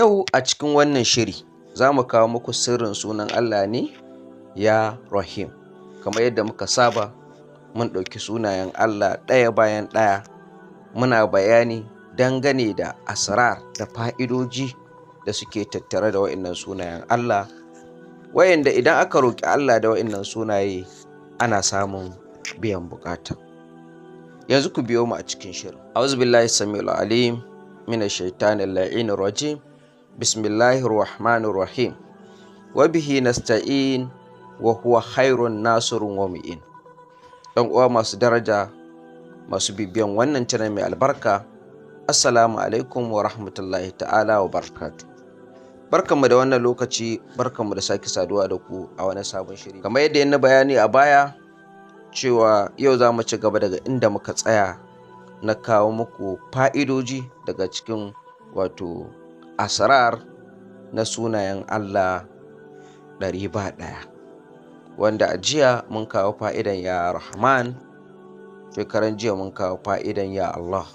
Yau a cikin wannan shiri za mu kawo muku sirrin sunan Allah ne ya Rahim. Kamar yadda muka saba mun ɗauki sunayen Allah ɗaya bayan ɗaya muna bayani dangane da asrar da fa'idoji da suke tattare da wa'innan sunayen Allah wayanda idan aka roƙi Allah da wa'innan sunaye ana samun biyan buƙata. Yanzu ku biyo mu a cikin shirin. Auzu billahi samiul la'alim mina shaitanin la'inir rajim bismillahir rahmanir rahim wa bihi nasta'in wa huwa khairun nasirun wa dan uwa masu daraja masu bibiyan wannan tana mai albarka assalamu alaikum wa rahmatullahi ta'ala wa barakatuh barkanmu da wannan lokaci barkamu da sake saduwa da ku a wani sabon shiri kamar yadda yana bayani a baya cewa yau za mu ci gaba daga inda muka tsaya na kawo muku fa'idoji daga cikin wato asrar na sunayen Allah ɗari ba ɗaya wanda a jiya mun kawo fa'idan ya rahman shekaran jiya mun kawo fa'idan ya Allah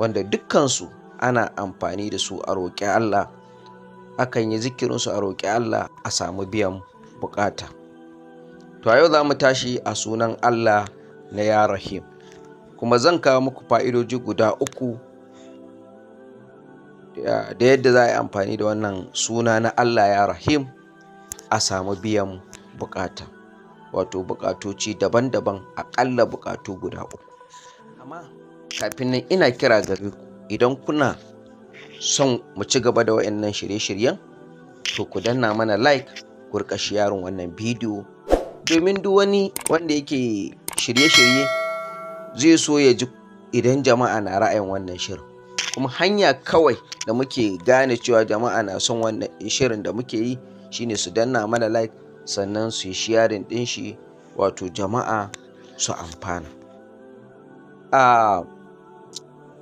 wanda dukkansu ana amfani da su a roƙi Allah akan yi zikirinsu a roƙi Allah a samu biyan bukata to yau za mu tashi a sunan Allah na ya rahim kuma zan kawo muku fa'idoji guda uku da yadda za a yi amfani da wannan suna na Allah ya rahim a samu biyan bukata wato bukatoci daban-daban aƙalla bukatu guda uku amma kafin nan ina kira gare ku idan kuna son mu ci gaba da wayannan shirye-shiryen to ku danna mana like ku yaron wannan bidiyo domin duk wani wanda yake shirye-shirye zai so ya ji idan jama'a na ra'ayin wannan shirin kuma hanya kawai da muke gane cewa jama'a na son wannan shirin da muke yi shine su danna mana like sannan su yi sharing din shi wato jama'a su amfana a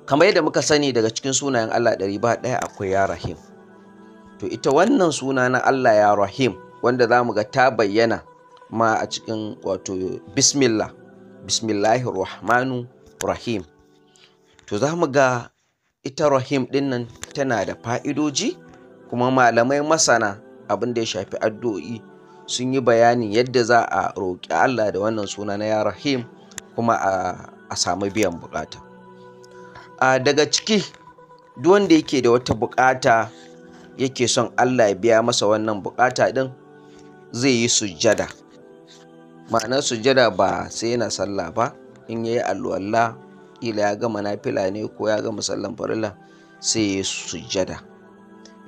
kamar yadda muka sani daga cikin sunayen Allah ɗari ba ɗaya akwai ya rahim to ita wannan suna na Allah ya rahim wanda za mu ga ta bayyana ma a cikin wato bismillah bismillahir rahim to za mu ga ita rahim dinnan tana da fa'idoji kuma malamai masana abin da ya shafi addu'o'i sun yi bayanin yadda za a roƙi Allah da wannan suna na ya rahim kuma a samu biyan bukata a daga ciki duk wanda yake da wata bukata yake son Allah ya biya masa wannan bukata din zai yi sujjada ma'anar sujjada ba sai yana sallah ba in yayi alwala kila ya gama fila ne ko ya gama sallan farilla sai ya yi sujjada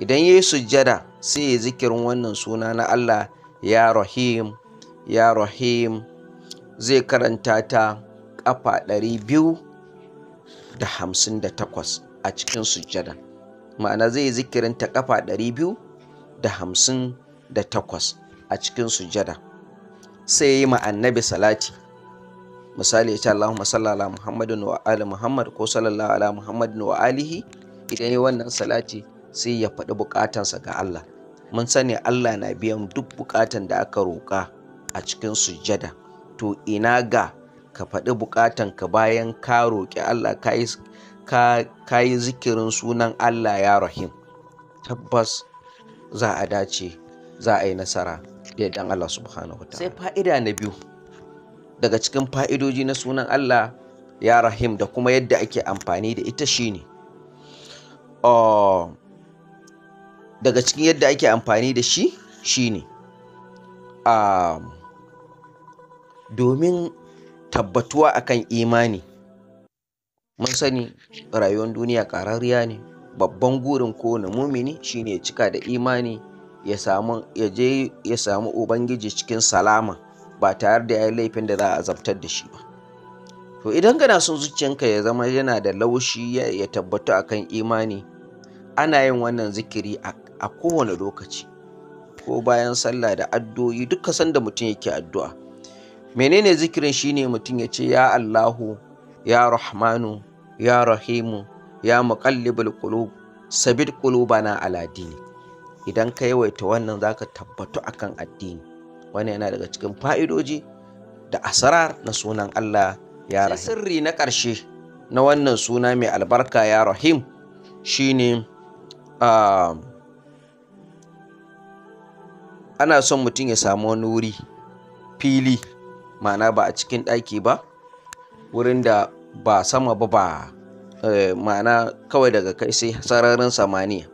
idan ya yi sujjada sai ya zikirin wannan suna na Allah ya rahim ya rahim zai karanta ta ƙafa 258 a cikin sujjada ma'ana zai yi zikirin ta ƙafa 258 a cikin sujjada sai ya yi ma annabi salati misali ya ce Allahumma salli ala Muhammadin wa ali Muhammad ko sallallahu ala Muhammadin wa alihi idan wannan salati sai ya faɗi bukatansa ga Allah mun sani Allah na biyan duk bukatan da aka roƙa a cikin sujjada to ina ga ka faɗi bukatan ka bayan ka roƙi Allah ka yi zikirin sunan Allah ya rahim tabbas za a dace za a yi nasara da Allah subhanahu wa sai fa'ida na biyu daga cikin fa'idoji na sunan Allah ya rahim da kuma yadda ake amfani da ita shine ah, daga cikin yadda ake amfani da shi shine ah, domin tabbatuwa akan imani mun sani rayuwar duniya ƙararriya ne babban gurin kowane mumini shine ya cika da imani ya samu ubangiji cikin salama ba tare da ya yi laifin da za a azabtar da shi ba to idan kana son zuciyanka ya zama yana da laushi ya tabbatu akan imani ana yin wannan zikiri a kowane lokaci ko bayan sallah da addu'o'i duka sanda mutum yake addu'a menene zikirin shine mutum ya ce ya Allahu ya Rahmanu ya Rahimu ya muqallibul qulub sabit qulubana ala dini idan ka yawaita wannan zaka tabbatu akan addini wani yana daga cikin fa'idoji da asara na sunan Allah ya rahim sirri na ƙarshe na wannan suna mai albarka ya rahim ne ah, ana son mutum ya samu wani wuri fili ma'ana ba a cikin ɗaki ba wurin da ba sama ba ba eh, ma'ana kawai daga kai sai sararin samaniya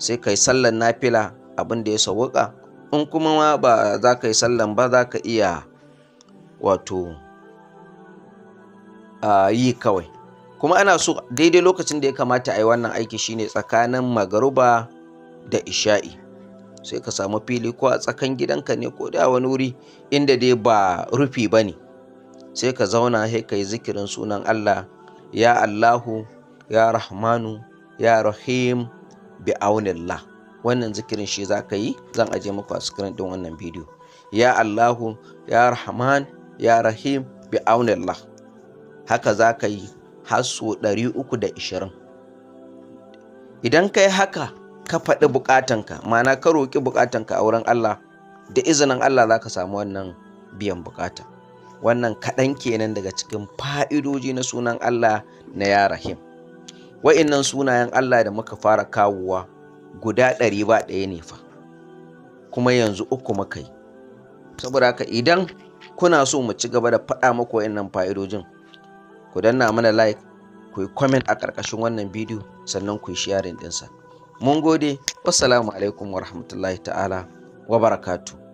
sai kai sallar nafila abin da ya sauka in kuma ma ba za ka yi sallan ba za ka iya wato yi kawai kuma ana so daidai lokacin da ya kamata a yi wannan aiki shine tsakanin magaruba da isha'i sai ka samu fili ko a tsakan gidanka ne ko da wani wuri inda dai ba rufi ba ne sai ka zauna sai ka yi zikirin sunan allah ya allahu ya rahmanu ya rahim bi aunillah wannan zikirin shi za ka yi zan aje muku a screen din wannan bidiyo ya Allahu ya Rahman ya Rahim bi aunillah haka za ka yi har so 320 idan ka yi haka ka faɗi buƙatanka mana ka roƙi buƙatanka a wurin Allah da izinin Allah za ka samu wannan biyan buƙata wannan kaɗan kenan daga cikin fa'idoji na sunan Allah na ya Rahim wa'innan sunayen Allah da muka fara kawowa guda ɗari ba ɗaya ne fa kuma yanzu uku makai saboda haka idan kuna so mu ci gaba da faɗa maku wa'annan fa'idojin ku danna mana like ku yi comment a ƙarƙashin wannan bidiyo sannan ku yi sharing ɗinsa mun gode wassalamu alaikum warahmatullahi ta'ala wa barakatuh